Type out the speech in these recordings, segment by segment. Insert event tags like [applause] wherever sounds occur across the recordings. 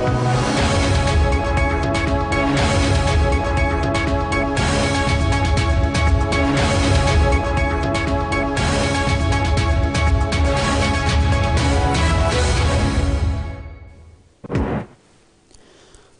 Música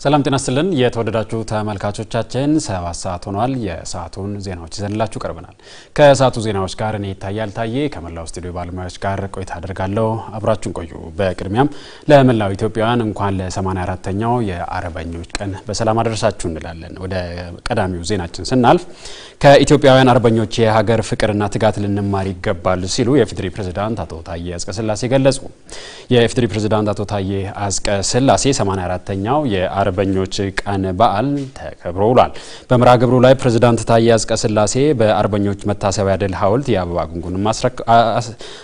ሰላም ጤና ስጥልን የተወደዳችሁ ተመልካቾቻችን ሰባት ሰዓት ሆኗል። የሰዓቱን ዜናዎች ይዘንላችሁ ቀርበናል። ከሰዓቱ ዜናዎች ጋር እኔ ይታያል ታዬ ከመላው ስቱዲዮ ባለሙያዎች ጋር ቆይታ አደርጋለሁ። አብራችሁን ቆዩ። በቅድሚያም ለመላው ኢትዮጵያውያን እንኳን ለ84ተኛው የአርበኞች ቀን በሰላም አደረሳችሁ እንላለን። ወደ ቀዳሚው ዜናችን ስናልፍ ከኢትዮጵያውያን አርበኞች የሀገር ፍቅርና ትጋት ልንማር ይገባል ሲሉ የኢፌዴሪ ፕሬዝዳንት አቶ ታዬ ስላሴ ገለጹ። የኢፌዴሪ ፕሬዚዳንት አቶ ታዬ ስላሴ 84ተኛው አርበኞች ቀን በዓል ተከብሮ ውሏል። በምራ ግብሩ ላይ ፕሬዝዳንት ታዬ አጽቀሥላሴ በአርበኞች መታሰቢያ ድል ሐውልት የአበባ ጉንጉንም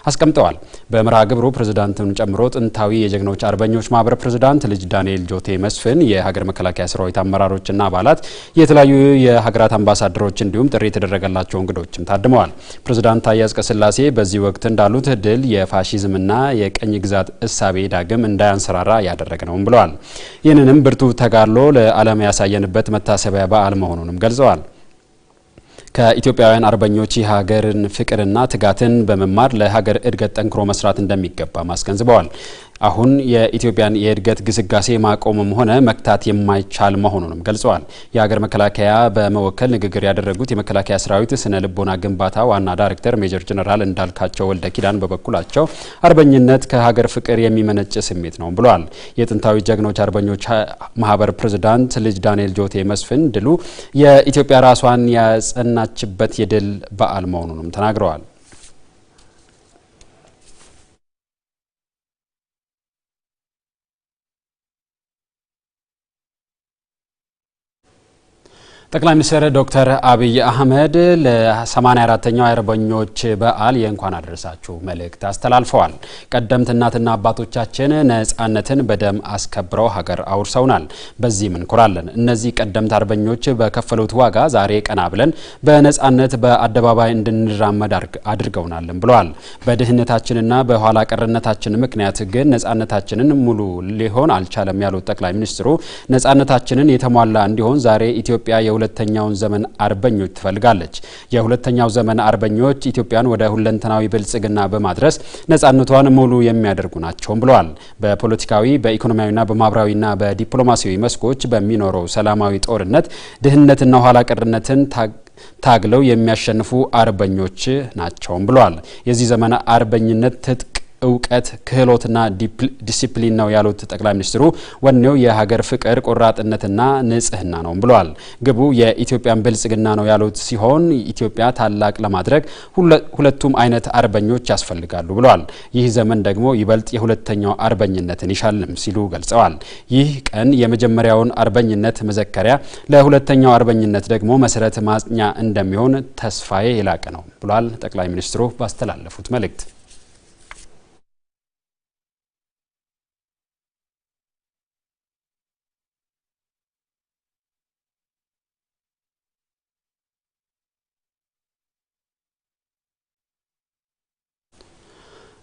አስቀምጠዋል። በምራ ግብሩ ፕሬዝዳንቱን ጨምሮ ጥንታዊ የጀግኖች አርበኞች ማህበር ፕሬዝዳንት ልጅ ዳንኤል ጆቴ መስፍን፣ የሀገር መከላከያ ሰራዊት አመራሮችና አባላት፣ የተለያዩ የሀገራት አምባሳደሮች እንዲሁም ጥሪ የተደረገላቸው እንግዶችም ታድመዋል። ፕሬዝዳንት ታዬ አጽቀሥላሴ በዚህ ወቅት እንዳሉት ድል የፋሺዝምና የቀኝ ግዛት እሳቤ ዳግም እንዳያንሰራራ ያደረገ ነውም ብለዋል። ይህንንም ብርቱ ተጋድሎ ለዓለም ያሳየንበት መታሰቢያ በዓል መሆኑንም ገልጸዋል። ከኢትዮጵያውያን አርበኞች የሀገርን ፍቅርና ትጋትን በመማር ለሀገር እድገት ጠንክሮ መስራት እንደሚገባ አስገንዝበዋል። አሁን የኢትዮጵያን የእድገት ግስጋሴ ማቆምም ሆነ መክታት የማይቻል መሆኑንም ገልጸዋል። የሀገር መከላከያ በመወከል ንግግር ያደረጉት የመከላከያ ሰራዊት ስነ ልቦና ግንባታ ዋና ዳይሬክተር ሜጀር ጀነራል እንዳልካቸው ወልደ ኪዳን በበኩላቸው አርበኝነት ከሀገር ፍቅር የሚመነጭ ስሜት ነው ብለዋል። የጥንታዊ ጀግኖች አርበኞች ማህበር ፕሬዝዳንት ልጅ ዳንኤል ጆቴ መስፍን ድሉ የኢትዮጵያ ራሷን ያጸናችበት የድል በዓል መሆኑንም ተናግረዋል። ጠቅላይ ሚኒስትር ዶክተር አብይ አህመድ ለ84ኛው የአርበኞች በዓል የእንኳን አደረሳችሁ መልእክት አስተላልፈዋል። ቀደምት እናትና አባቶቻችን ነጻነትን በደም አስከብረው ሀገር አውርሰውናል። በዚህም እንኩራለን እነዚህ ቀደምት አርበኞች በከፈሉት ዋጋ ዛሬ ቀና ብለን በነጻነት በአደባባይ እንድንራመድ አድርገውናልን ብለዋል። በድህነታችንና በኋላ ቀርነታችን ምክንያት ግን ነጻነታችንን ሙሉ ሊሆን አልቻለም ያሉት ጠቅላይ ሚኒስትሩ ነጻነታችንን የተሟላ እንዲሆን ዛሬ ኢትዮጵያ የሁለተኛውን ዘመን አርበኞች ትፈልጋለች። የሁለተኛው ዘመን አርበኞች ኢትዮጵያን ወደ ሁለንተናዊ ብልጽግና በማድረስ ነጻነቷን ሙሉ የሚያደርጉ ናቸውም ብለዋል። በፖለቲካዊ በኢኮኖሚያዊና በማህበራዊና በዲፕሎማሲያዊ መስኮች በሚኖረው ሰላማዊ ጦርነት ድህነትና ኋላ ቀርነትን ታግለው የሚያሸንፉ አርበኞች ናቸውም ብለዋል። የዚህ ዘመን አርበኝነት ትጥቅ እውቀት ክህሎትና ዲሲፕሊን ነው ያሉት ጠቅላይ ሚኒስትሩ ወኔው የሀገር ፍቅር ቆራጥነትና ንጽህና ነው ብለዋል። ግቡ የኢትዮጵያን ብልጽግና ነው ያሉት ሲሆን ኢትዮጵያ ታላቅ ለማድረግ ሁለቱም አይነት አርበኞች ያስፈልጋሉ ብለዋል። ይህ ዘመን ደግሞ ይበልጥ የሁለተኛው አርበኝነትን ይሻልም ሲሉ ገልጸዋል። ይህ ቀን የመጀመሪያውን አርበኝነት መዘከሪያ፣ ለሁለተኛው አርበኝነት ደግሞ መሰረት ማጽኛ እንደሚሆን ተስፋዬ የላቀ ነው ብሏል ጠቅላይ ሚኒስትሩ ባስተላለፉት መልእክት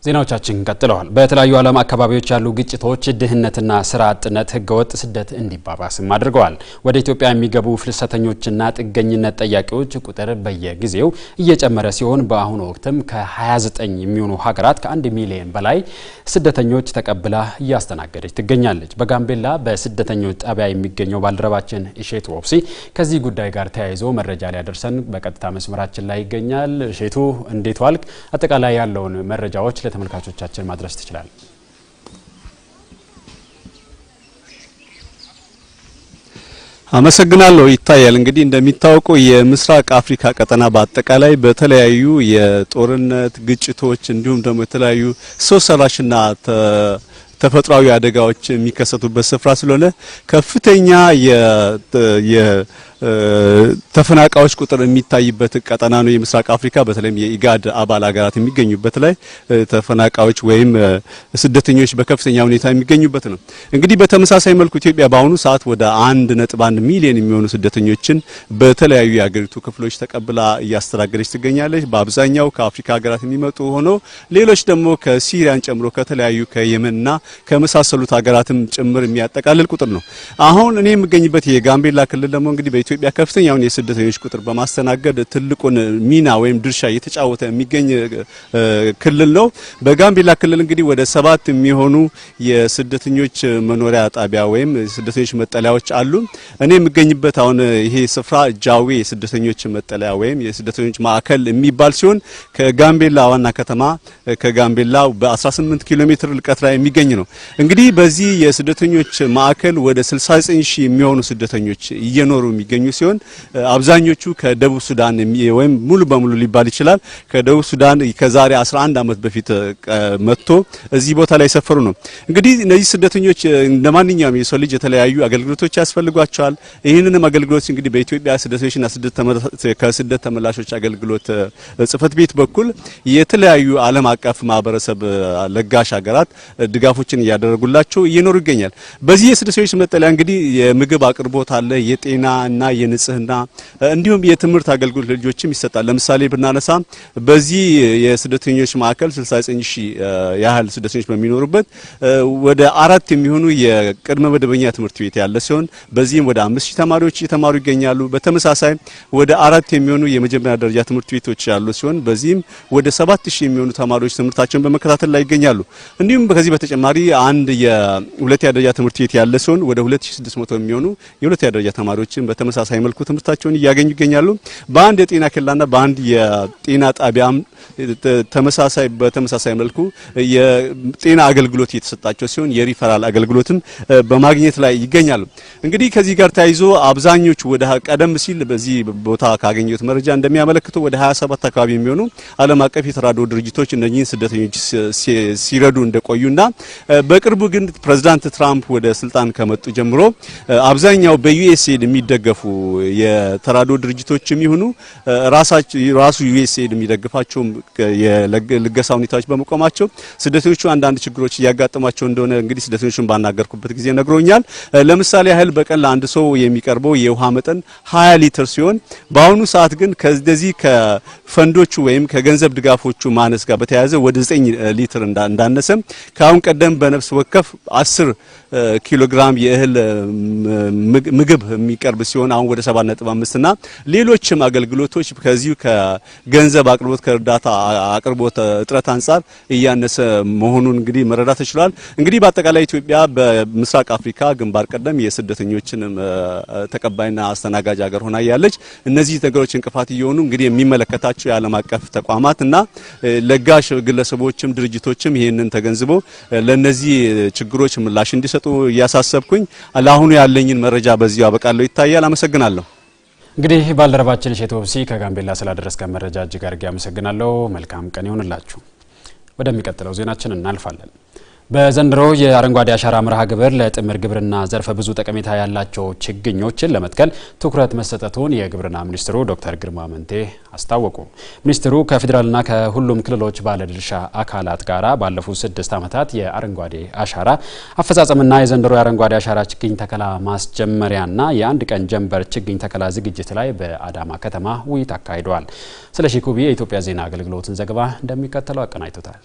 ዜናዎቻችን ቀጥለዋል። በተለያዩ ዓለም አካባቢዎች ያሉ ግጭቶች፣ ድህነትና ስራ አጥነት ህገወጥ ስደት እንዲባባስም አድርገዋል። ወደ ኢትዮጵያ የሚገቡ ፍልሰተኞችና ጥገኝነት ጠያቂዎች ቁጥር በየጊዜው እየጨመረ ሲሆን በአሁኑ ወቅትም ከ29 የሚሆኑ ሀገራት ከ1 ሚሊዮን በላይ ስደተኞች ተቀብላ እያስተናገደች ትገኛለች። በጋምቤላ በስደተኞች ጣቢያ የሚገኘው ባልደረባችን እሼቱ ወብሲ ከዚህ ጉዳይ ጋር ተያይዞ መረጃ ሊያደርሰን በቀጥታ መስመራችን ላይ ይገኛል። እሼቱ እንዴት ዋልክ? አጠቃላይ ያለውን መረጃዎች ለተመልካቾቻችን ማድረስ ትችላል? አመሰግናለሁ። ይታያል እንግዲህ እንደሚታወቀው የምስራቅ አፍሪካ ቀጠና በአጠቃላይ በተለያዩ የጦርነት ግጭቶች፣ እንዲሁም ደግሞ የተለያዩ ሰው ሰራሽና ተፈጥሯዊ አደጋዎች የሚከሰቱበት ስፍራ ስለሆነ ከፍተኛ ተፈናቃዮች ቁጥር የሚታይበት ቀጠና ነው የምስራቅ አፍሪካ። በተለይም የኢጋድ አባል ሀገራት የሚገኙበት ላይ ተፈናቃዮች ወይም ስደተኞች በከፍተኛ ሁኔታ የሚገኙበት ነው። እንግዲህ በተመሳሳይ መልኩ ኢትዮጵያ በአሁኑ ሰዓት ወደ አንድ ነጥብ አንድ ሚሊዮን የሚሆኑ ስደተኞችን በተለያዩ የሀገሪቱ ክፍሎች ተቀብላ እያስተናገደች ትገኛለች። በአብዛኛው ከአፍሪካ ሀገራት የሚመጡ ሆኖ ሌሎች ደግሞ ከሲሪያን ጨምሮ ከተለያዩ ከየመንና ከመሳሰሉት ሀገራትም ጭምር የሚያጠቃልል ቁጥር ነው። አሁን እኔ የምገኝበት የጋምቤላ ክልል ደግሞ እንግዲህ ኢትዮጵያ ከፍተኛውን የስደተኞች ቁጥር በማስተናገድ ትልቁን ሚና ወይም ድርሻ እየተጫወተ የሚገኝ ክልል ነው። በጋምቤላ ክልል እንግዲህ ወደ ሰባት የሚሆኑ የስደተኞች መኖሪያ ጣቢያ ወይም የስደተኞች መጠለያዎች አሉ። እኔ የምገኝበት አሁን ይሄ ስፍራ ጃዌ የስደተኞች መጠለያ ወይም የስደተኞች ማዕከል የሚባል ሲሆን ከጋምቤላ ዋና ከተማ ከጋምቤላ በ18 ኪሎ ሜትር ርቀት ላይ የሚገኝ ነው። እንግዲህ በዚህ የስደተኞች ማዕከል ወደ 69 ሺህ የሚሆኑ ስደተኞች እየኖሩ የሚገኙ የሚገኙ ሲሆን አብዛኞቹ ከደቡብ ሱዳን ወይም ሙሉ በሙሉ ሊባል ይችላል ከደቡብ ሱዳን ከዛሬ 11 ዓመት በፊት መጥቶ እዚህ ቦታ ላይ የሰፈሩ ነው። እንግዲህ እነዚህ ስደተኞች እንደ ማንኛውም የሰው ልጅ የተለያዩ አገልግሎቶች ያስፈልጓቸዋል። ይህንንም አገልግሎት እንግዲህ በኢትዮጵያ ስደተኞችና ከስደት ተመላሾች አገልግሎት ጽፈት ቤት በኩል የተለያዩ ዓለም አቀፍ ማህበረሰብ ለጋሽ ሀገራት ድጋፎችን እያደረጉላቸው እየኖሩ ይገኛል። በዚህ የስደተኞች መጠለያ እንግዲህ የምግብ አቅርቦት አለ፣ የጤና እና የንጽህና እንዲሁም የትምህርት አገልግሎት ለልጆችም ይሰጣል። ለምሳሌ ብናነሳ በዚህ የስደተኞች ማዕከል 69 ሺህ ያህል ስደተኞች በሚኖሩበት ወደ አራት የሚሆኑ የቅድመ መደበኛ ትምህርት ቤት ያለ ሲሆን በዚህም ወደ አምስት ሺህ ተማሪዎች እየተማሩ ይገኛሉ። በተመሳሳይ ወደ አራት የሚሆኑ የመጀመሪያ ደረጃ ትምህርት ቤቶች ያሉ ሲሆን በዚህም ወደ ሰባት ሺህ የሚሆኑ ተማሪዎች ትምህርታቸውን በመከታተል ላይ ይገኛሉ። እንዲሁም ከዚህ በተጨማሪ አንድ የሁለተኛ ደረጃ ትምህርት ቤት ያለ ሲሆን ወደ 2600 የሚሆኑ የሁለተኛ ደረጃ ተማሪዎችን በተመ በተመሳሳይ መልኩ ትምህርታቸውን እያገኙ ይገኛሉ። በአንድ የጤና ክላና በአንድ የጤና ጣቢያም ተመሳሳይ በተመሳሳይ መልኩ የጤና አገልግሎት እየተሰጣቸው ሲሆን የሪፈራል አገልግሎትም በማግኘት ላይ ይገኛሉ። እንግዲህ ከዚህ ጋር ተያይዞ አብዛኞቹ ወደ ቀደም ሲል በዚህ ቦታ ካገኘሁት መረጃ እንደሚያመለክቱ ወደ 27 አካባቢ የሚሆኑ ዓለም አቀፍ የተራድኦ ድርጅቶች እነኚህን ስደተኞች ሲረዱ እንደቆዩና በቅርቡ ግን ፕሬዚዳንት ትራምፕ ወደ ስልጣን ከመጡ ጀምሮ አብዛኛው በዩኤስኤድ የሚደገፉ የተራዶ ድርጅቶች የሚሆኑ ራሱ ዩኤስኤድ የሚደግፋቸው የልገሳ ሁኔታዎች በመቆማቸው ስደተኞቹ አንዳንድ ችግሮች እያጋጠማቸው እንደሆነ እንግዲህ ስደተኞቹን ባናገርኩበት ጊዜ ነግሮኛል። ለምሳሌ ያህል በቀን ለአንድ ሰው የሚቀርበው የውሃ መጠን 20 ሊትር ሲሆን በአሁኑ ሰዓት ግን ከዚህ ከፈንዶቹ ወይም ከገንዘብ ድጋፎቹ ማነስ ጋር በተያያዘ ወደ 9 ሊትር እንዳነሰም ከአሁን ቀደም በነፍስ ወከፍ 10 ኪሎ ግራም የእህል ምግብ የሚቀርብ ሲሆን አሁን ወደ 7.5 እና ሌሎችም አገልግሎቶች ከዚሁ ከገንዘብ አቅርቦት ከእርዳታ አቅርቦት እጥረት አንጻር እያነሰ መሆኑን እንግዲህ መረዳት ይችላል። እንግዲህ በአጠቃላይ ኢትዮጵያ በምስራቅ አፍሪካ ግንባር ቀደም የስደተኞችን ተቀባይና አስተናጋጅ ሀገር ሆና ያለች እነዚህ ነገሮች እንቅፋት እየሆኑ እንግዲህ የሚመለከታቸው የዓለም አቀፍ ተቋማት እና ለጋሽ ግለሰቦችም ድርጅቶችም ይህንን ተገንዝቦ ለነዚህ ችግሮች ምላሽ እንዲሰጡ እያሳሰብኩኝ ለአሁኑ ያለኝን መረጃ በዚሁ አበቃለሁ። ይታያል። አመሰግናለሁ። እንግዲህ ባልደረባችን እሸቱ ወብሲ ከጋምቤላ ስላደረስከ መረጃ እጅግ አድርጌ አመሰግናለሁ። መልካም ቀን ይሆንላችሁ። ወደሚቀጥለው ዜናችን እናልፋለን። በዘንድሮ የአረንጓዴ አሻራ መርሃ ግብር ለጥምር ግብርና ዘርፈ ብዙ ጠቀሜታ ያላቸው ችግኞችን ለመትከል ትኩረት መሰጠቱን የግብርና ሚኒስትሩ ዶክተር ግርማ መንቴ አስታወቁ። ሚኒስትሩ ከፌዴራልና ከሁሉም ክልሎች ባለድርሻ አካላት ጋር ባለፉት ስድስት ዓመታት የአረንጓዴ አሻራ አፈጻጸምና የዘንድሮ የአረንጓዴ አሻራ ችግኝ ተከላ ማስጀመሪያና የአንድ ቀን ጀንበር ችግኝ ተከላ ዝግጅት ላይ በአዳማ ከተማ ውይይት አካሂደዋል። ስለሺ ኩቢ የኢትዮጵያ ዜና አገልግሎትን ዘገባ እንደሚከተለው አቀናጅቶታል።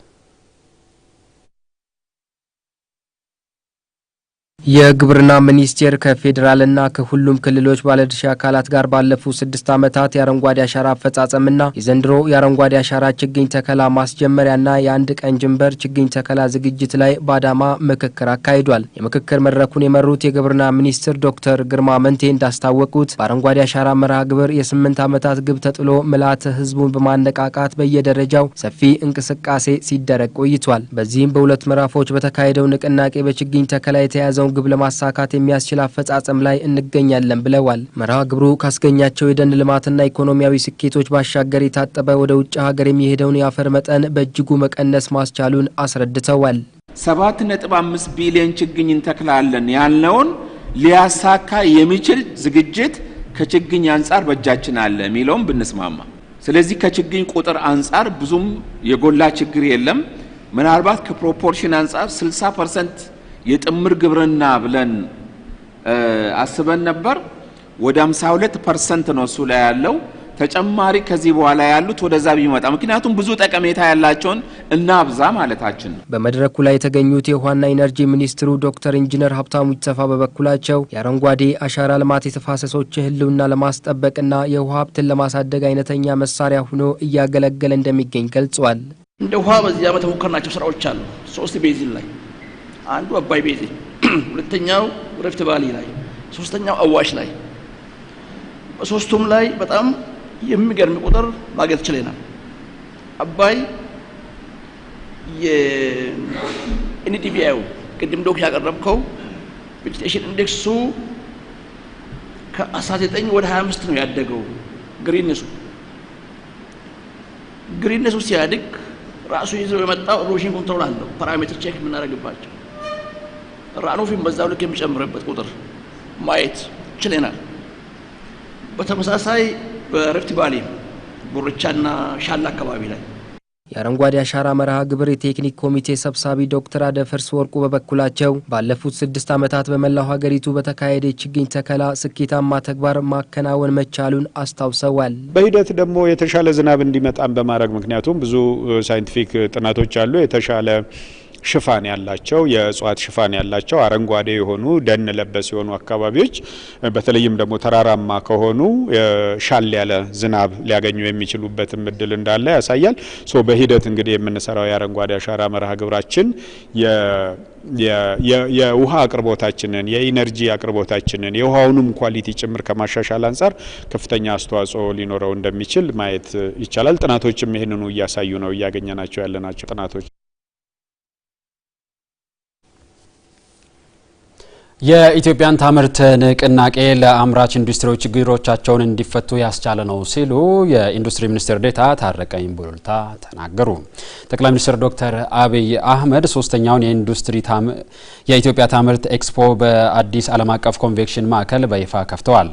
የግብርና ሚኒስቴር ከፌዴራልና ከሁሉም ክልሎች ባለድርሻ አካላት ጋር ባለፉት ስድስት ዓመታት የአረንጓዴ አሻራ አፈጻጸምና የዘንድሮ የአረንጓዴ አሻራ ችግኝ ተከላ ማስጀመሪያና የአንድ ቀን ጅንበር ችግኝ ተከላ ዝግጅት ላይ በአዳማ ምክክር አካሂዷል። የምክክር መድረኩን የመሩት የግብርና ሚኒስትር ዶክተር ግርማ መንቴ እንዳስታወቁት በአረንጓዴ አሻራ መርሃ ግብር የስምንት ዓመታት ግብ ተጥሎ ምልዓተ ሕዝቡን በማነቃቃት በየደረጃው ሰፊ እንቅስቃሴ ሲደረግ ቆይቷል። በዚህም በሁለት ምዕራፎች በተካሄደው ንቅናቄ በችግኝ ተከላ የተያዘው የቀረውን ግብ ለማሳካት የሚያስችል አፈጻጸም ላይ እንገኛለን ብለዋል። መርሃ ግብሩ ካስገኛቸው የደን ልማትና ኢኮኖሚያዊ ስኬቶች ባሻገር የታጠበ ወደ ውጭ ሀገር የሚሄደውን የአፈር መጠን በእጅጉ መቀነስ ማስቻሉን አስረድተዋል። ሰባት ነጥብ አምስት ቢሊዮን ችግኝ እንተክላለን ያልነውን ሊያሳካ የሚችል ዝግጅት ከችግኝ አንጻር በእጃችን አለ የሚለውም ብንስማማ፣ ስለዚህ ከችግኝ ቁጥር አንጻር ብዙም የጎላ ችግር የለም። ምናልባት ከፕሮፖርሽን አንጻር 60 ፐርሰንት የጥምር ግብርና ብለን አስበን ነበር። ወደ 52 ፐርሰንት ነው እሱ ላይ ያለው። ተጨማሪ ከዚህ በኋላ ያሉት ወደዛ ቢመጣ ምክንያቱም ብዙ ጠቀሜታ ያላቸውን እናብዛ አብዛ ማለታችን ነው። በመድረኩ ላይ የተገኙት የውሃና ኢነርጂ ሚኒስትሩ ዶክተር ኢንጂነር ሀብታሙ ይተፋ በበኩላቸው የአረንጓዴ አሻራ ልማት የተፋሰሶችን ሕልውና ለማስጠበቅና የውሃ ሀብትን ለማሳደግ አይነተኛ መሳሪያ ሆኖ እያገለገለ እንደሚገኝ ገልጿል። እንደ ውሃ በዚህ ዓመት የሞከርናቸው ስራዎች አሉ። ሶስት ቤዚን ላይ አንዱ አባይ ቤቴ [clears throat] ሁለተኛው ረፍት ባሊ ላይ ሶስተኛው አዋሽ ላይ በሶስቱም ላይ በጣም የሚገርም ቁጥር ማግኘት ችለናል አባይ የኤንዲቢአዩ ቅድም ዶክ ያቀረብከው ቬጂቴሽን ኢንዴክሱ ከ19 ወደ 25 ነው ያደገው ግሪንሱ ግሪንሱ ሲያድግ ራሱ ይዘው የመጣው ሮሽን ኮንትሮል አለው ፓራሜትር ቼክ የምናደርግባቸው ራኖፊም በዛው ልክ የሚጨምርበት ቁጥር ማየት ችለናል በተመሳሳይ በረፍት ባሌ ቡርቻና ሻላ አካባቢ ላይ የአረንጓዴ አሻራ መርሃ ግብር የቴክኒክ ኮሚቴ ሰብሳቢ ዶክተር አደፈርስ ወርቁ በበኩላቸው ባለፉት ስድስት ዓመታት በመላው ሀገሪቱ በተካሄደ ችግኝ ተከላ ስኬታማ ተግባር ማከናወን መቻሉን አስታውሰዋል። በሂደት ደግሞ የተሻለ ዝናብ እንዲመጣም በማድረግ ምክንያቱም ብዙ ሳይንቲፊክ ጥናቶች አሉ የተሻለ ሽፋን ያላቸው የእጽዋት ሽፋን ያላቸው አረንጓዴ የሆኑ ደን ለበስ የሆኑ አካባቢዎች በተለይም ደግሞ ተራራማ ከሆኑ ሻል ያለ ዝናብ ሊያገኙ የሚችሉበትም እድል እንዳለ ያሳያል። ሶ በሂደት እንግዲህ የምንሰራው የአረንጓዴ አሻራ መርሃ ግብራችን የውሃ አቅርቦታችንን የኢነርጂ አቅርቦታችንን የውሃውንም ኳሊቲ ጭምር ከማሻሻል አንጻር ከፍተኛ አስተዋጽኦ ሊኖረው እንደሚችል ማየት ይቻላል። ጥናቶችም ይህንኑ እያሳዩ ነው፣ እያገኘ ናቸው ያለ ናቸው ጥናቶች የኢትዮጵያን ታምርት ንቅናቄ ለአምራች ኢንዱስትሪዎች ችግሮቻቸውን እንዲፈቱ ያስቻለ ነው ሲሉ የኢንዱስትሪ ሚኒስትር ዴታ ታረቀኝ ቡሉልታ ተናገሩ። ጠቅላይ ሚኒስትር ዶክተር አብይ አህመድ ሶስተኛውን የኢንዱስትሪ የኢትዮጵያ ታምርት ኤክስፖ በአዲስ ዓለም አቀፍ ኮንቬክሽን ማዕከል በይፋ ከፍተዋል።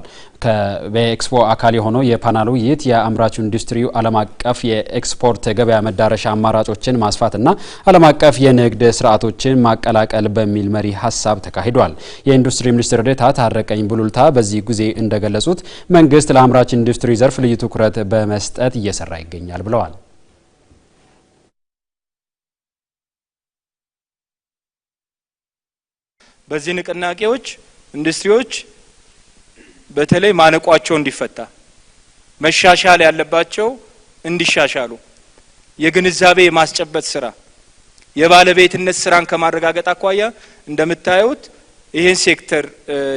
በኤክስፖ አካል የሆነው የፓናል ውይይት የአምራቹ ኢንዱስትሪው ዓለም አቀፍ የኤክስፖርት ገበያ መዳረሻ አማራጮችን ማስፋትና ዓለም አቀፍ የንግድ ስርዓቶችን ማቀላቀል በሚል መሪ ሀሳብ ተካሂዷል። የኢንዱስትሪ ሚኒስትር ዴኤታ ታረቀኝ ቡሉልታ በዚህ ጊዜ እንደገለጹት መንግስት ለአምራች ኢንዱስትሪ ዘርፍ ልዩ ትኩረት በመስጠት እየሰራ ይገኛል ብለዋል። በዚህ ንቅናቄዎች ኢንዱስትሪዎች በተለይ ማነቋቸው እንዲፈታ መሻሻል ያለባቸው እንዲሻሻሉ የግንዛቤ የማስጨበጥ ስራ የባለቤትነት ስራን ከማረጋገጥ አኳያ እንደምታዩት ይህን ሴክተር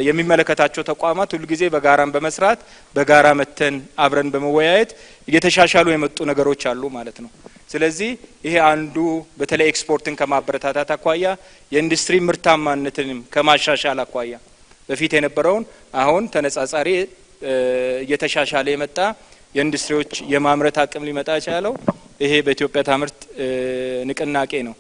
የሚመለከታቸው ተቋማት ሁልጊዜ በጋራን በመስራት በጋራ መተን አብረን በመወያየት እየተሻሻሉ የመጡ ነገሮች አሉ ማለት ነው። ስለዚህ ይሄ አንዱ በተለይ ኤክስፖርትን ከማበረታታት አኳያ የኢንዱስትሪ ምርታማነትንም ከማሻሻል አኳያ በፊት የነበረውን አሁን ተነጻጻሪ እየተሻሻለ የመጣ የኢንዱስትሪዎች የማምረት አቅም ሊመጣ የቻለው ይሄ በኢትዮጵያ ታምርት ንቅናቄ ነው።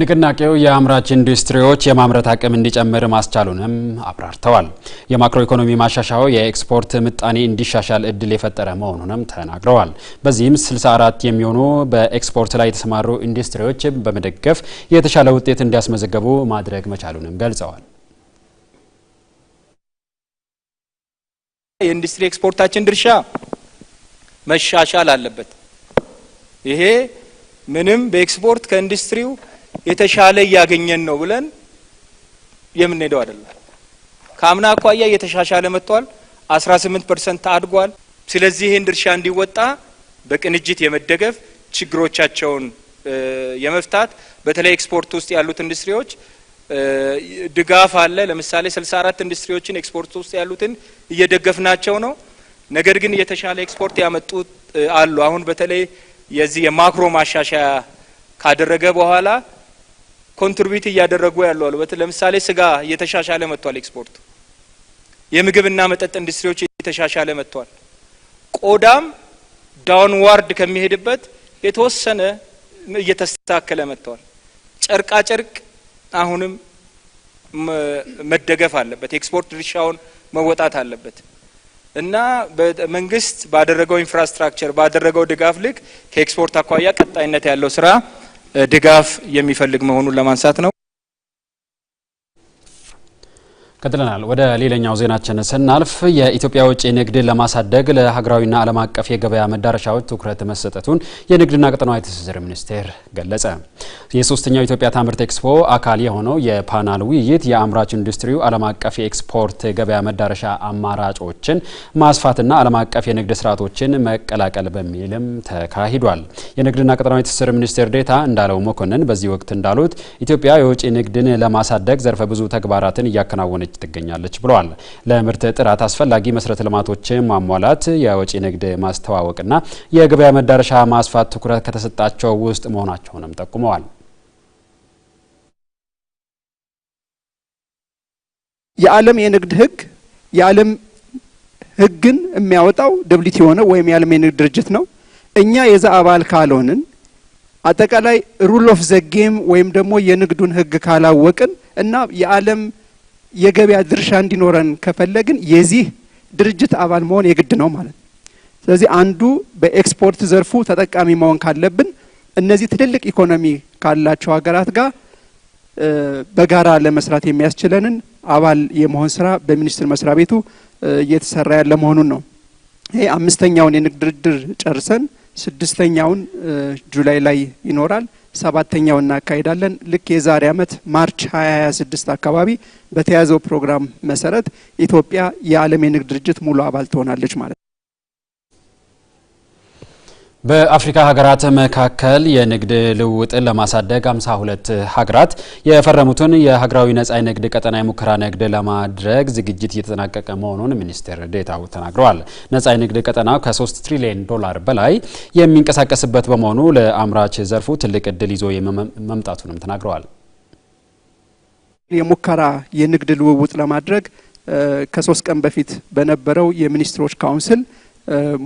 ንቅናቄው የአምራች ኢንዱስትሪዎች የማምረት አቅም እንዲጨምር ማስቻሉንም አብራርተዋል። የማክሮ ኢኮኖሚ ማሻሻያው የኤክስፖርት ምጣኔ እንዲሻሻል እድል የፈጠረ መሆኑንም ተናግረዋል። በዚህም 64 የሚሆኑ በኤክስፖርት ላይ የተሰማሩ ኢንዱስትሪዎች በመደገፍ የተሻለ ውጤት እንዲያስመዘገቡ ማድረግ መቻሉንም ገልጸዋል። የኢንዱስትሪ ኤክስፖርታችን ድርሻ መሻሻል አለበት። ይሄ ምንም በኤክስፖርት ከኢንዱስትሪው የተሻለ እያገኘን ነው ብለን የምንሄደው አይደለም። ከአምና አኳያ እየተሻሻለ መጥቷል። 18 ፐርሰንት አድጓል። ስለዚህ ይህን ድርሻ እንዲወጣ በቅንጅት የመደገፍ ችግሮቻቸውን የመፍታት በተለይ ኤክስፖርት ውስጥ ያሉት ኢንዱስትሪዎች ድጋፍ አለ። ለምሳሌ 64 ኢንዱስትሪዎችን ኤክስፖርት ውስጥ ያሉትን እየደገፍናቸው ነው። ነገር ግን የተሻለ ኤክስፖርት ያመጡት አሉ። አሁን በተለይ የዚህ የማክሮ ማሻሻያ ካደረገ በኋላ ኮንትሪቢዩት እያደረጉ ያሉ አሉ። ለምሳሌ ስጋ እየተሻሻለ መጥቷል። ኤክስፖርቱ የምግብና መጠጥ ኢንዱስትሪዎች እየተሻሻለ መጥቷል። ቆዳም ዳውንዋርድ ከሚሄድበት የተወሰነ እየተስተካከለ መጥቷል። ጨርቃ ጨርቅ አሁንም መደገፍ አለበት። ኤክስፖርት ድርሻውን መወጣት አለበት እና መንግስት ባደረገው ኢንፍራስትራክቸር ባደረገው ድጋፍ ልክ ከኤክስፖርት አኳያ ቀጣይነት ያለው ስራ ድጋፍ የሚፈልግ መሆኑን ለማንሳት ነው። ቀጥለናል። ወደ ሌላኛው ዜናችን ስናልፍ የኢትዮጵያ ውጭ ንግድ ለማሳደግ ለሀገራዊና ዓለም አቀፍ የገበያ መዳረሻዎች ትኩረት መሰጠቱን የንግድና ቀጠናዊ ትስስር ሚኒስቴር ገለጸ። የሶስተኛው ኢትዮጵያ ታምርት ኤክስፖ አካል የሆነው የፓናል ውይይት የአምራች ኢንዱስትሪው ዓለም አቀፍ የኤክስፖርት ገበያ መዳረሻ አማራጮችን ማስፋትና ዓለም አቀፍ የንግድ ስርዓቶችን መቀላቀል በሚልም ተካሂዷል። የንግድና ቀጠናዊ ትስስር ሚኒስቴር ዴታ እንዳለው መኮንን በዚህ ወቅት እንዳሉት ኢትዮጵያ የውጭ ንግድን ለማሳደግ ዘርፈ ብዙ ተግባራትን እያከናወነች ትገኛለች ብለዋል። ለምርት ጥራት አስፈላጊ መሰረተ ልማቶችን ማሟላት፣ የወጪ ንግድ ማስተዋወቅና የገበያ መዳረሻ ማስፋት ትኩረት ከተሰጣቸው ውስጥ መሆናቸውንም ጠቁመዋል። የዓለም የንግድ ህግ የዓለም ህግን የሚያወጣው ደብሊት የሆነ ወይም የዓለም የንግድ ድርጅት ነው። እኛ የዛ አባል ካልሆንን አጠቃላይ ሩል ኦፍ ዘ ጌም ወይም ደግሞ የንግዱን ህግ ካላወቅን እና የዓለም የገበያ ድርሻ እንዲኖረን ከፈለግን የዚህ ድርጅት አባል መሆን የግድ ነው ማለት ነው። ስለዚህ አንዱ በኤክስፖርት ዘርፉ ተጠቃሚ መሆን ካለብን እነዚህ ትልልቅ ኢኮኖሚ ካላቸው ሀገራት ጋር በጋራ ለመስራት የሚያስችለንን አባል የመሆን ስራ በሚኒስቴር መስሪያ ቤቱ እየተሰራ ያለ መሆኑን ነው። ይሄ አምስተኛውን የንግድ ድርድር ጨርሰን ስድስተኛውን ጁላይ ላይ ይኖራል። ሰባተኛው እናካሄዳለን። ልክ የዛሬ ዓመት ማርች 2026 አካባቢ በተያዘው ፕሮግራም መሰረት ኢትዮጵያ የዓለም የንግድ ድርጅት ሙሉ አባል ትሆናለች ማለት ነው። በአፍሪካ ሀገራት መካከል የንግድ ልውውጥን ለማሳደግ 52 ሀገራት የፈረሙትን የሀገራዊ ነጻ የንግድ ቀጠና የሙከራ ንግድ ለማድረግ ዝግጅት እየተጠናቀቀ መሆኑን ሚኒስቴር ዴታው ተናግረዋል። ነጻ የንግድ ቀጠናው ከ3 ትሪሊዮን ዶላር በላይ የሚንቀሳቀስበት በመሆኑ ለአምራች ዘርፉ ትልቅ እድል ይዞ መምጣቱንም ተናግረዋል። የሙከራ የንግድ ልውውጥ ለማድረግ ከሶስት ቀን በፊት በነበረው የሚኒስትሮች ካውንስል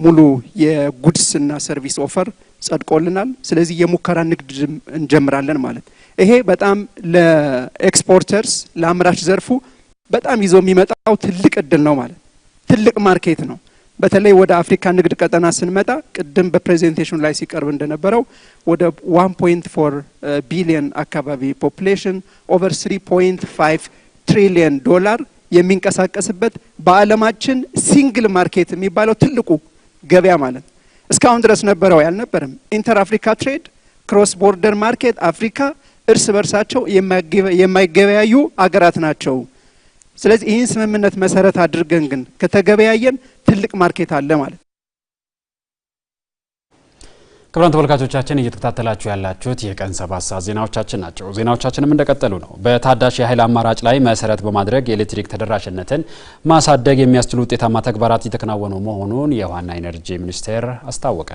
ሙሉ የጉድስና ሰርቪስ ኦፈር ጸድቆልናል። ስለዚህ የሙከራ ንግድ እንጀምራለን ማለት ይሄ በጣም ለኤክስፖርተርስ ለአምራች ዘርፉ በጣም ይዞ የሚመጣው ትልቅ እድል ነው ማለት ትልቅ ማርኬት ነው። በተለይ ወደ አፍሪካ ንግድ ቀጠና ስንመጣ ቅድም በፕሬዘንቴሽኑ ላይ ሲቀርብ እንደነበረው ወደ 1.4 ቢሊዮን አካባቢ ፖፕሌሽን ኦቨር 3.5 ትሪሊየን ዶላር የሚንቀሳቀስበት በዓለማችን ሲንግል ማርኬት የሚባለው ትልቁ ገበያ ማለት እስካሁን ድረስ ነበረው ያልነበረም። ኢንተር አፍሪካ ትሬድ፣ ክሮስ ቦርደር ማርኬት አፍሪካ እርስ በርሳቸው የማይገበያዩ አገራት ናቸው። ስለዚህ ይህን ስምምነት መሰረት አድርገን ግን ከተገበያየን ትልቅ ማርኬት አለ ማለት ክቡራን ተመልካቾቻችን እየተከታተላችሁ ያላችሁት የቀን ሰባት ሰዓት ዜናዎቻችን ናቸው። ዜናዎቻችንም እንደቀጠሉ ነው። በታዳሽ የኃይል አማራጭ ላይ መሰረት በማድረግ የኤሌክትሪክ ተደራሽነትን ማሳደግ የሚያስችሉ ውጤታማ ተግባራት እየተከናወኑ መሆኑን የውሃና ኢነርጂ ሚኒስቴር አስታወቀ።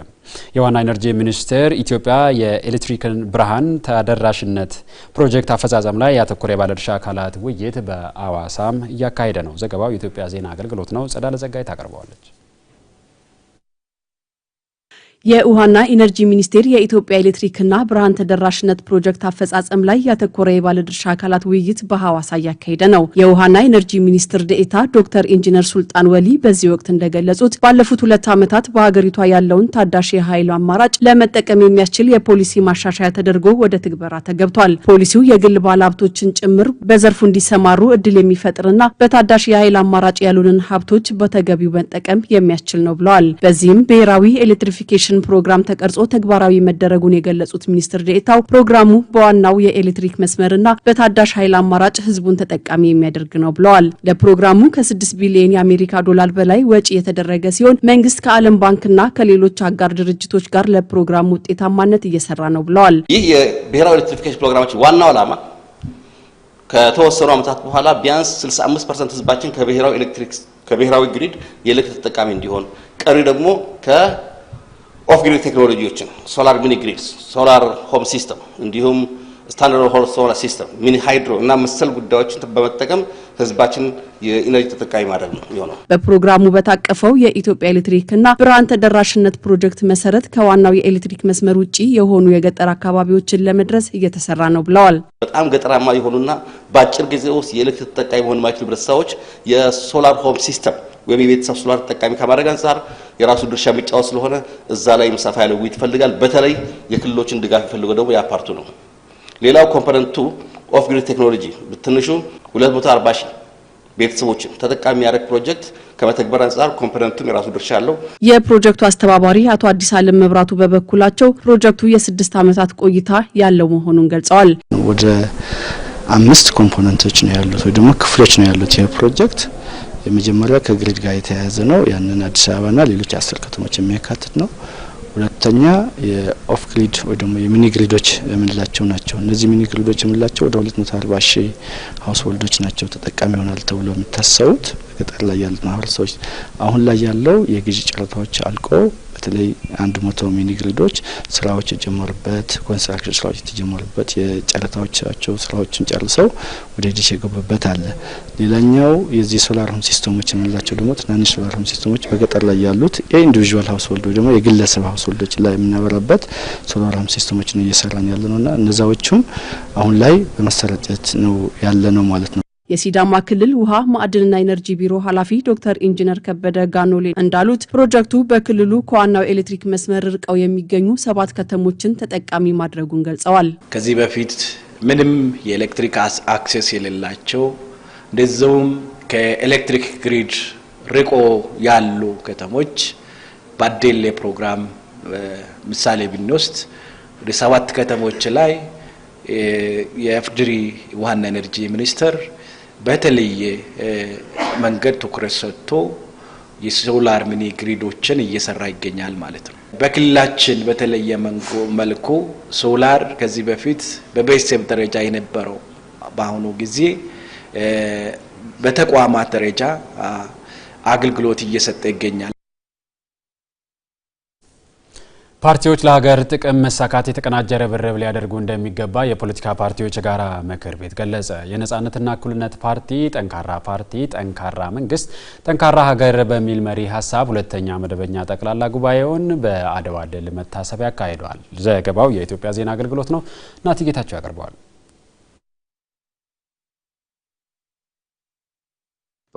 የውሃና ኢነርጂ ሚኒስቴር ኢትዮጵያ የኤሌክትሪክን ብርሃን ተደራሽነት ፕሮጀክት አፈጻጸም ላይ ያተኮረ የባለድርሻ አካላት ውይይት በአዋሳም እያካሄደ ነው። ዘገባው የኢትዮጵያ ዜና አገልግሎት ነው። ጸዳለ ዘጋይ ታቀርበዋለች። የውሃና ኢነርጂ ሚኒስቴር የኢትዮጵያ ኤሌክትሪክና ብርሃን ተደራሽነት ፕሮጀክት አፈጻጸም ላይ ያተኮረ የባለድርሻ አካላት ውይይት በሐዋሳ እያካሄደ ነው። የውሃና ኢነርጂ ሚኒስትር ደኤታ ዶክተር ኢንጂነር ሱልጣን ወሊ በዚህ ወቅት እንደገለጹት ባለፉት ሁለት ዓመታት በሀገሪቷ ያለውን ታዳሽ የኃይል አማራጭ ለመጠቀም የሚያስችል የፖሊሲ ማሻሻያ ተደርጎ ወደ ትግበራ ተገብቷል። ፖሊሲው የግል ባለሀብቶችን ጭምር በዘርፉ እንዲሰማሩ እድል የሚፈጥርና በታዳሽ የኃይል አማራጭ ያሉንን ሀብቶች በተገቢው መጠቀም የሚያስችል ነው ብለዋል። በዚህም ብሔራዊ ኤሌክትሪፊኬሽን ኮኔክሽን ፕሮግራም ተቀርጾ ተግባራዊ መደረጉን የገለጹት ሚኒስትር ዴኤታው ፕሮግራሙ በዋናው የኤሌክትሪክ መስመርና በታዳሽ ኃይል አማራጭ ህዝቡን ተጠቃሚ የሚያደርግ ነው ብለዋል። ለፕሮግራሙ ከ6 ቢሊዮን የአሜሪካ ዶላር በላይ ወጪ የተደረገ ሲሆን መንግስት ከዓለም ባንክና ከሌሎች አጋር ድርጅቶች ጋር ለፕሮግራሙ ውጤታማነት እየሰራ ነው ብለዋል። ይህ የብሔራዊ ኤሌክትሪፊኬሽን ፕሮግራማችን ዋናው ዓላማ ከተወሰኑ ዓመታት በኋላ ቢያንስ 65 ፐርሰንት ህዝባችን ከብሔራዊ ኤሌክትሪክ ከብሔራዊ ግሪድ የኤሌክትሪክ ተጠቃሚ እንዲሆን ቀሪ ደግሞ ከ ኦፍ ግሪድ ቴክኖሎጂዎችን ሶላር ሚኒ ግሪድስ፣ ሶላር ሆም ሲስተም እንዲሁም ስታንዳርድ ሆል ሶላር ሲስተም፣ ሚኒ ሃይድሮ እና መሰል ጉዳዮችን በመጠቀም ህዝባችን የኢነርጂ ተጠቃሚ ማድረግ ነው የሆነው። በፕሮግራሙ በታቀፈው የኢትዮጵያ ኤሌክትሪክና ብርሃን ተደራሽነት ፕሮጀክት መሰረት ከዋናው የኤሌክትሪክ መስመር ውጪ የሆኑ የገጠር አካባቢዎችን ለመድረስ እየተሰራ ነው ብለዋል። በጣም ገጠራማ የሆኑና በአጭር ጊዜ ውስጥ የኤሌክትሪክ ተጠቃሚ መሆን የማይችሉ ህብረተሰቦች የሶላር ሆም ሲስተም ወይም የቤተሰብ ሶላር ተጠቃሚ ከማድረግ አንጻር የራሱ ድርሻ የሚጫወት ስለሆነ እዛ ላይም ሰፋ ያለ ውይይት ይፈልጋል። በተለይ የክልሎችን ድጋፍ የፈልገው ደግሞ ፓርቱ ነው። ሌላው ኮምፖነንቱ ኦፍ ግሪድ ቴክኖሎጂ ትንሹ 240 ሺህ ቤተሰቦችን ተጠቃሚ ያደረግ ፕሮጀክት ከመተግበር አንጻር ኮምፖነንቱም የራሱ ድርሻ አለው። የፕሮጀክቱ አስተባባሪ አቶ አዲስ አለም መብራቱ በበኩላቸው ፕሮጀክቱ የስድስት ዓመታት ቆይታ ያለው መሆኑን ገልጸዋል። ወደ አምስት ኮምፖነንቶች ነው ያሉት ወይ ደግሞ ክፍሎች ነው ያሉት ይህ ፕሮጀክት የመጀመሪያ ከግሪድ ጋር የተያያዘ ነው። ያንን አዲስ አበባና ሌሎች አስር ከተሞች የሚያካትት ነው። ሁለተኛ የኦፍ ግሪድ ወይ ደግሞ የሚኒ ግሪዶች የምንላቸው ናቸው። እነዚህ ሚኒ ግሪዶች የምንላቸው ወደ 240 ሺህ ሀውስሆልዶች ናቸው ተጠቃሚ ይሆናል ተብሎ የሚታሰቡት ገጠር ላይ ያሉት ማህበረሰቦች። አሁን ላይ ያለው የግዢ ጨረታዎች አልቆ በተለይ አንድ መቶ ሚኒግሪዶች ስራዎች የጀመሩበት ኮንስትራክሽን ስራዎች የተጀመሩበት የጨረታዎቻቸው ስራዎችን ጨርሰው ወደ ዲሽ የገቡበት አለ። ሌላኛው የዚህ ሶላር ሆም ሲስተሞች የምንላቸው ደግሞ ትናንሽ ሶላር ሆም ሲስተሞች በገጠር ላይ ያሉት የኢንዲቪዥዋል ሀውስ ሆልድ ወይ ደግሞ የግለሰብ ሀውስ ወልዶች ላይ የምናበራበት ሶላር ሆም ነው እየሰራን ያለ ነው እና እነዛዎቹም አሁን ላይ በመሰረጨት ነው ያለ ነው ማለት ነው። የሲዳማ ክልል ውሃ ማዕድንና ኢነርጂ ቢሮ ኃላፊ ዶክተር ኢንጂነር ከበደ ጋኖሌ እንዳሉት ፕሮጀክቱ በክልሉ ከዋናው ኤሌክትሪክ መስመር ርቀው የሚገኙ ሰባት ከተሞችን ተጠቃሚ ማድረጉን ገልጸዋል። ከዚህ በፊት ምንም የኤሌክትሪክ አክሴስ የሌላቸው እንደዚውም ከኤሌክትሪክ ግሪድ ርቆ ያሉ ከተሞች ባዴሌ ፕሮግራም ምሳሌ ብንወስድ ወደ ሰባት ከተሞች ላይ የኤፍድሪ ውሃና ኤነርጂ ሚኒስቴር በተለየ መንገድ ትኩረት ሰጥቶ የሶላር ሚኒ ግሪዶችን እየሰራ ይገኛል ማለት ነው። በክልላችን በተለየ መልኩ ሶላር ከዚህ በፊት በቤተሰብ ደረጃ የነበረው በአሁኑ ጊዜ በተቋማት ደረጃ አገልግሎት እየሰጠ ይገኛል። ፓርቲዎች ለሀገር ጥቅም መሳካት የተቀናጀ ርብርብ ሊያደርጉ እንደሚገባ የፖለቲካ ፓርቲዎች የጋራ ምክር ቤት ገለጸ። የነጻነትና እኩልነት ፓርቲ ጠንካራ ፓርቲ ጠንካራ መንግስት ጠንካራ ሀገር በሚል መሪ ሀሳብ ሁለተኛ መደበኛ ጠቅላላ ጉባኤውን በአድዋ ድል መታሰቢያ አካሂደዋል። ዘገባው የኢትዮጵያ ዜና አገልግሎት ነው። ናቲ ጌታቸው ያቀርበዋል።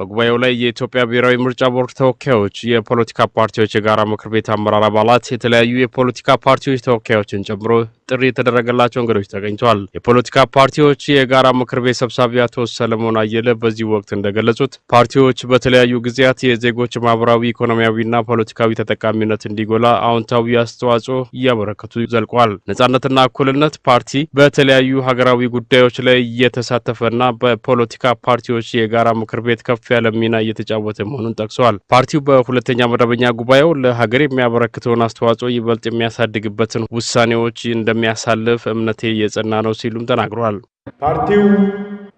በጉባኤው ላይ የኢትዮጵያ ብሔራዊ ምርጫ ቦርድ ተወካዮች፣ የፖለቲካ ፓርቲዎች የጋራ ምክር ቤት አመራር አባላት፣ የተለያዩ የፖለቲካ ፓርቲዎች ተወካዮችን ጨምሮ ጥሪ የተደረገላቸው እንግዶች ተገኝቷል። የፖለቲካ ፓርቲዎች የጋራ ምክር ቤት ሰብሳቢ አቶ ሰለሞን አየለ በዚህ ወቅት እንደገለጹት ፓርቲዎች በተለያዩ ጊዜያት የዜጎች ማህበራዊ፣ ኢኮኖሚያዊና ፖለቲካዊ ተጠቃሚነት እንዲጎላ አዎንታዊ አስተዋጽኦ እያበረከቱ ዘልቋል። ነጻነትና እኩልነት ፓርቲ በተለያዩ ሀገራዊ ጉዳዮች ላይ እየተሳተፈና በፖለቲካ ፓርቲዎች የጋራ ምክር ቤት ከፍ ከፍ ያለ ሚና እየተጫወተ መሆኑን ጠቅሰዋል። ፓርቲው በሁለተኛ መደበኛ ጉባኤው ለሀገር የሚያበረክተውን አስተዋጽኦ ይበልጥ የሚያሳድግበትን ውሳኔዎች እንደሚያሳልፍ እምነቴ የጸና ነው ሲሉም ተናግረዋል። ፓርቲው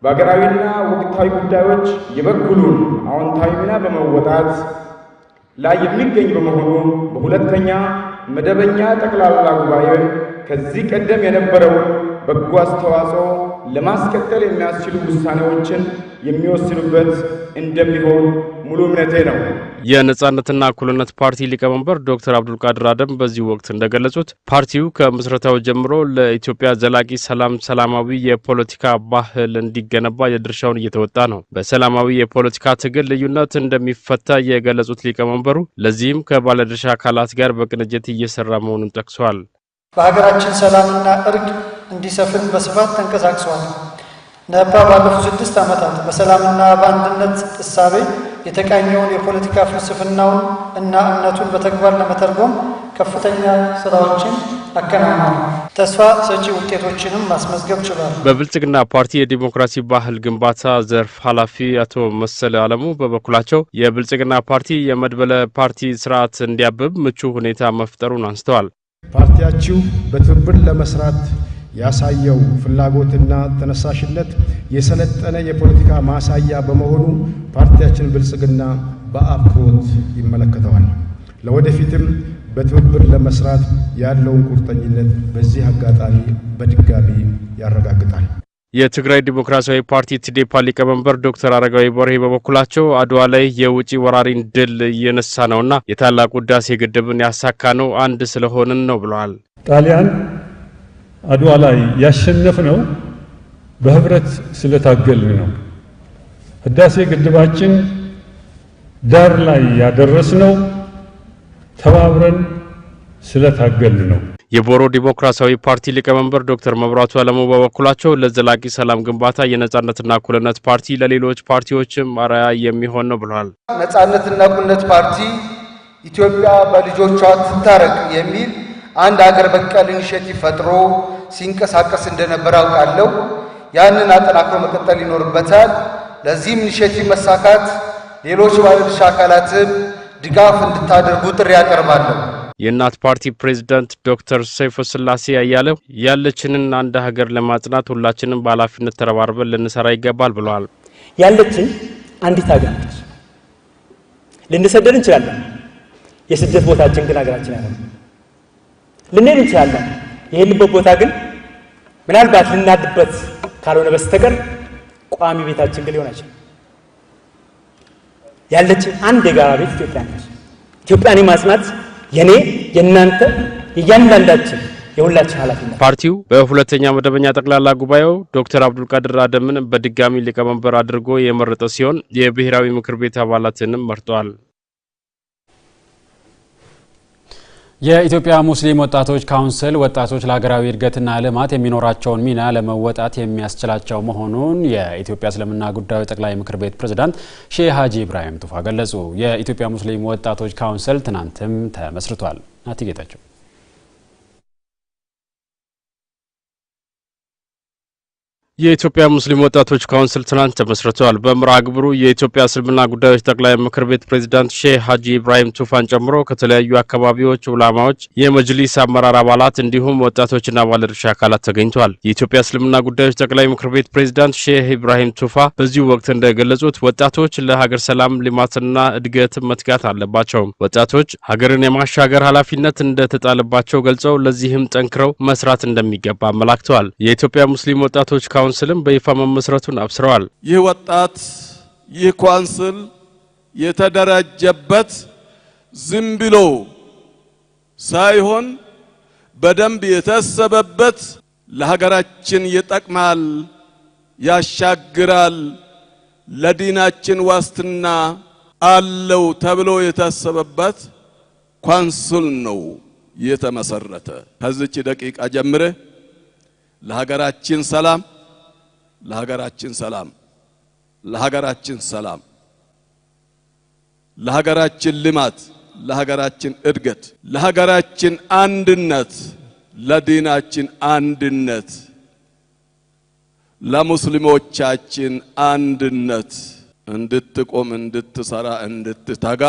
በሀገራዊና ወቅታዊ ጉዳዮች የበኩሉን አዎንታዊ ሚና በመወጣት ላይ የሚገኝ በመሆኑ በሁለተኛ መደበኛ ጠቅላላ ጉባኤ ከዚህ ቀደም የነበረውን በጎ አስተዋጽኦ ለማስከተል የሚያስችሉ ውሳኔዎችን የሚወስኑበት እንደሚሆን ሙሉ እምነቴ ነው። የነጻነትና እኩልነት ፓርቲ ሊቀመንበር ዶክተር አብዱልቃድር አደም በዚህ ወቅት እንደገለጹት ፓርቲው ከምስረታው ጀምሮ ለኢትዮጵያ ዘላቂ ሰላም ሰላማዊ የፖለቲካ ባህል እንዲገነባ የድርሻውን እየተወጣ ነው። በሰላማዊ የፖለቲካ ትግል ልዩነት እንደሚፈታ የገለጹት ሊቀመንበሩ ለዚህም ከባለድርሻ አካላት ጋር በቅንጅት እየሰራ መሆኑን ጠቅሰዋል። በሀገራችን ሰላምና እርግ እንዲሰፍን በስፋት ተንቀሳቅሰዋል። ነባ ባለፉት ስድስት ዓመታት በሰላምና በአንድነት እሳቤ የተቃኘውን የፖለቲካ ፍልስፍናውን እና እምነቱን በተግባር ለመተርጎም ከፍተኛ ስራዎችን አከናውኗል። ተስፋ ሰጪ ውጤቶችንም ማስመዝገብ ችሏል። በብልጽግና ፓርቲ የዲሞክራሲ ባህል ግንባታ ዘርፍ ኃላፊ አቶ መሰለ አለሙ በበኩላቸው የብልጽግና ፓርቲ የመድበለ ፓርቲ ስርዓት እንዲያብብ ምቹ ሁኔታ መፍጠሩን አንስተዋል። ፓርቲያችሁ በትብብር ለመስራት ያሳየው ፍላጎትና ተነሳሽነት የሰለጠነ የፖለቲካ ማሳያ በመሆኑ ፓርቲያችን ብልጽግና በአክብሮት ይመለከተዋል። ለወደፊትም በትብብር ለመስራት ያለውን ቁርጠኝነት በዚህ አጋጣሚ በድጋሚ ያረጋግጣል። የትግራይ ዲሞክራሲያዊ ፓርቲ ትዴፓ ሊቀመንበር ዶክተር አረጋዊ በርሄ በበኩላቸው አድዋ ላይ የውጪ ወራሪን ድል እየነሳ ነውና የታላቁ ህዳሴ ግድብን ያሳካ ነው አንድ ስለሆንን ነው ብለዋል። ጣሊያን አድዋ ላይ ያሸነፍ ነው። በህብረት ስለታገልን ነው። ህዳሴ ግድባችን ዳር ላይ ያደረስ ነው። ተባብረን ስለታገልን ነው። የቦሮ ዲሞክራሲያዊ ፓርቲ ሊቀመንበር ዶክተር መብራቱ አለሙ በበኩላቸው ለዘላቂ ሰላም ግንባታ የነጻነትና እኩልነት ፓርቲ ለሌሎች ፓርቲዎችም አርአያ የሚሆን ነው ብለዋል። ነጻነትና እኩልነት ፓርቲ ኢትዮጵያ በልጆቿ ትታረቅ የሚል አንድ አገር በቀል ኢኒሼቲቭ ፈጥሮ ሲንቀሳቀስ እንደነበረ አውቃለሁ። ያንን አጠናክሮ መቀጠል ይኖርበታል። ለዚህም ኢኒሼቲቭ መሳካት ሌሎች ባለድርሻ አካላትም ድጋፍ እንድታደርጉ ጥሪ ያቀርባለሁ። የእናት ፓርቲ ፕሬዝዳንት ዶክተር ሰይፎ ስላሴ አያሌው ያለችንን አንድ ሀገር ለማጽናት ሁላችንም በኃላፊነት ተረባርበን ልንሰራ ይገባል ብለዋል። ያለችን አንዲት ሀገር ነች። ልንሰደድ እንችላለን። የስደት ቦታችን ግን ሀገራችን ያለ ልንሄድ እንችላለን። ይሄንበት ቦታ ግን ምናልባት ልናድበት ካልሆነ በስተቀር ቋሚ ቤታችን ግን ሊሆን አይችልም። ያለችን አንድ የጋራ ቤት ኢትዮጵያ ነች። ኢትዮጵያን የማጽናት የኔ የእናንተ እያንዳንዳችን የሁላችን ኃላፊነት። ፓርቲው በሁለተኛ መደበኛ ጠቅላላ ጉባኤው ዶክተር አብዱልቃድር አደምን በድጋሚ ሊቀመንበር አድርጎ የመረጠ ሲሆን የብሔራዊ ምክር ቤት አባላትንም መርጧል። የኢትዮጵያ ሙስሊም ወጣቶች ካውንስል ወጣቶች ለሀገራዊ እድገትና ልማት የሚኖራቸውን ሚና ለመወጣት የሚያስችላቸው መሆኑን የኢትዮጵያ እስልምና ጉዳዮች ጠቅላይ ምክር ቤት ፕሬዝዳንት ሼህ ሀጂ ኢብራሂም ቱፋ ገለጹ። የኢትዮጵያ ሙስሊም ወጣቶች ካውንስል ትናንትም ተመስርቷል። ናቲ ጌታቸው የኢትዮጵያ ሙስሊም ወጣቶች ካውንስል ትናንት ተመስርተዋል። በምራ ግብሩ የኢትዮጵያ እስልምና ጉዳዮች ጠቅላይ ምክር ቤት ፕሬዚዳንት ሼህ ሀጂ ኢብራሂም ቱፋን ጨምሮ ከተለያዩ አካባቢዎች ዑላማዎች፣ የመጅሊስ አመራር አባላት እንዲሁም ወጣቶችና ባለድርሻ አካላት ተገኝተዋል። የኢትዮጵያ እስልምና ጉዳዮች ጠቅላይ ምክር ቤት ፕሬዚዳንት ሼህ ኢብራሂም ቱፋ በዚሁ ወቅት እንደገለጹት ወጣቶች ለሀገር ሰላም ልማትና እድገት መትጋት አለባቸውም። ወጣቶች ሀገርን የማሻገር ኃላፊነት እንደተጣለባቸው ገልጸው ለዚህም ጠንክረው መስራት እንደሚገባ አመላክተዋል። የኢትዮጵያ ሙስሊም ወጣቶች ካውንስልም በይፋ መመስረቱን አብስረዋል። ይህ ወጣት ይህ ካውንስል የተደራጀበት ዝም ብሎ ሳይሆን በደንብ የታሰበበት ለሀገራችን ይጠቅማል፣ ያሻግራል፣ ለዲናችን ዋስትና አለው ተብሎ የታሰበበት ኳንስል ነው የተመሰረተ። ከዚች ደቂቃ ጀምሬ ለሀገራችን ሰላም ለሀገራችን ሰላም፣ ለሀገራችን ሰላም፣ ለሀገራችን ልማት፣ ለሀገራችን እድገት፣ ለሀገራችን አንድነት፣ ለዲናችን አንድነት፣ ለሙስሊሞቻችን አንድነት እንድትቆም እንድትሰራ እንድትተጋ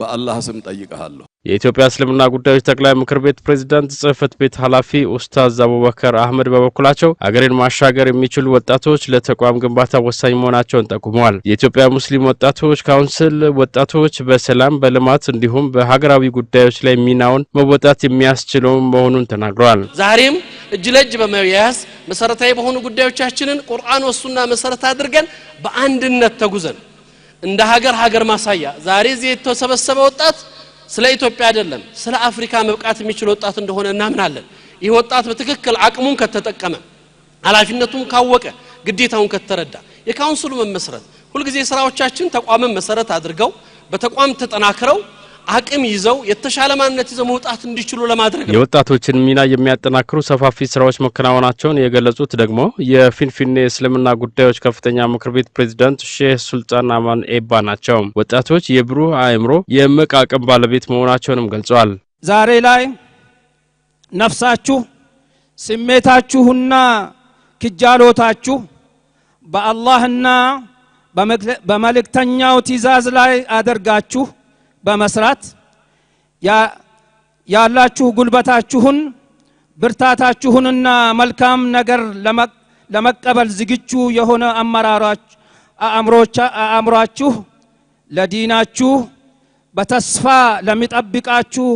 በአላህ ስም ጠይቀሃለሁ። የኢትዮጵያ እስልምና ጉዳዮች ጠቅላይ ምክር ቤት ፕሬዚዳንት ጽህፈት ቤት ኃላፊ ኡስታዝ አቡበከር አህመድ በበኩላቸው አገሬን ማሻገር የሚችሉ ወጣቶች ለተቋም ግንባታ ወሳኝ መሆናቸውን ጠቁመዋል። የኢትዮጵያ ሙስሊም ወጣቶች ካውንስል ወጣቶች በሰላም በልማት እንዲሁም በሀገራዊ ጉዳዮች ላይ ሚናውን መወጣት የሚያስችለው መሆኑን ተናግረዋል። ዛሬም እጅ ለእጅ በመያያዝ መሰረታዊ በሆኑ ጉዳዮቻችንን ቁርአን ወሱና መሰረት አድርገን በአንድነት ተጉዘን እንደ ሀገር ሀገር ማሳያ ዛሬ እዚህ የተሰበሰበ ወጣት ስለ ኢትዮጵያ አይደለም ስለ አፍሪካ መብቃት የሚችል ወጣት እንደሆነ እናምናለን ይህ ወጣት በትክክል አቅሙን ከተጠቀመ ኃላፊነቱን ካወቀ ግዴታውን ከተረዳ የካውንስሉ መመስረት ሁልጊዜ ስራዎቻችን ተቋምን መሰረት አድርገው በተቋም ተጠናክረው አቅም ይዘው የተሻለ ማንነት ይዘው መውጣት እንዲችሉ ለማድረግ ነው። የወጣቶችን ሚና የሚያጠናክሩ ሰፋፊ ስራዎች መከናወናቸውን የገለጹት ደግሞ የፊንፊኔ የእስልምና ጉዳዮች ከፍተኛ ምክር ቤት ፕሬዚዳንት ሼህ ሱልጣን አማን ኤባ ናቸው። ወጣቶች የብሩህ አእምሮ፣ የእምቅ አቅም ባለቤት መሆናቸውንም ገልጸዋል። ዛሬ ላይ ነፍሳችሁ፣ ስሜታችሁና ክጃሎታችሁ በአላህና በመልእክተኛው ትእዛዝ ላይ አደርጋችሁ በመስራት ያላችሁ ጉልበታችሁን ብርታታችሁንና መልካም ነገር ለመቀበል ዝግጁ የሆነ አእምሯችሁ ለዲናችሁ በተስፋ ለሚጠብቃችሁ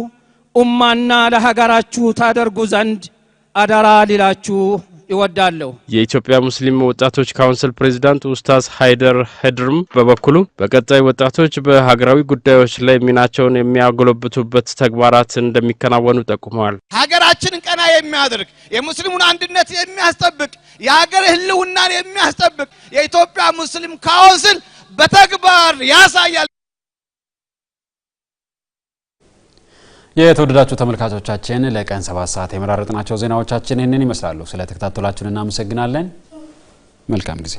ኡማና ለሀገራችሁ ታደርጉ ዘንድ አደራ ሊላችሁ ይወዳለሁ። የኢትዮጵያ ሙስሊም ወጣቶች ካውንስል ፕሬዚዳንት ኡስታዝ ሀይደር ህድርም በበኩሉ በቀጣይ ወጣቶች በሀገራዊ ጉዳዮች ላይ ሚናቸውን የሚያጎለብቱበት ተግባራት እንደሚከናወኑ ጠቁመዋል። ሀገራችንን ቀና የሚያደርግ የሙስሊሙን አንድነት የሚያስጠብቅ የሀገር ህልውናን የሚያስጠብቅ የኢትዮጵያ ሙስሊም ካውንስል በተግባር ያሳያል። የተወደዳችሁ ተመልካቾቻችን ለቀን ሰባት ሰዓት የመራረጥናቸው ዜናዎቻችን ይህንን ይመስላሉ። ስለ ተከታተላችሁን እናመሰግናለን። መልካም ጊዜ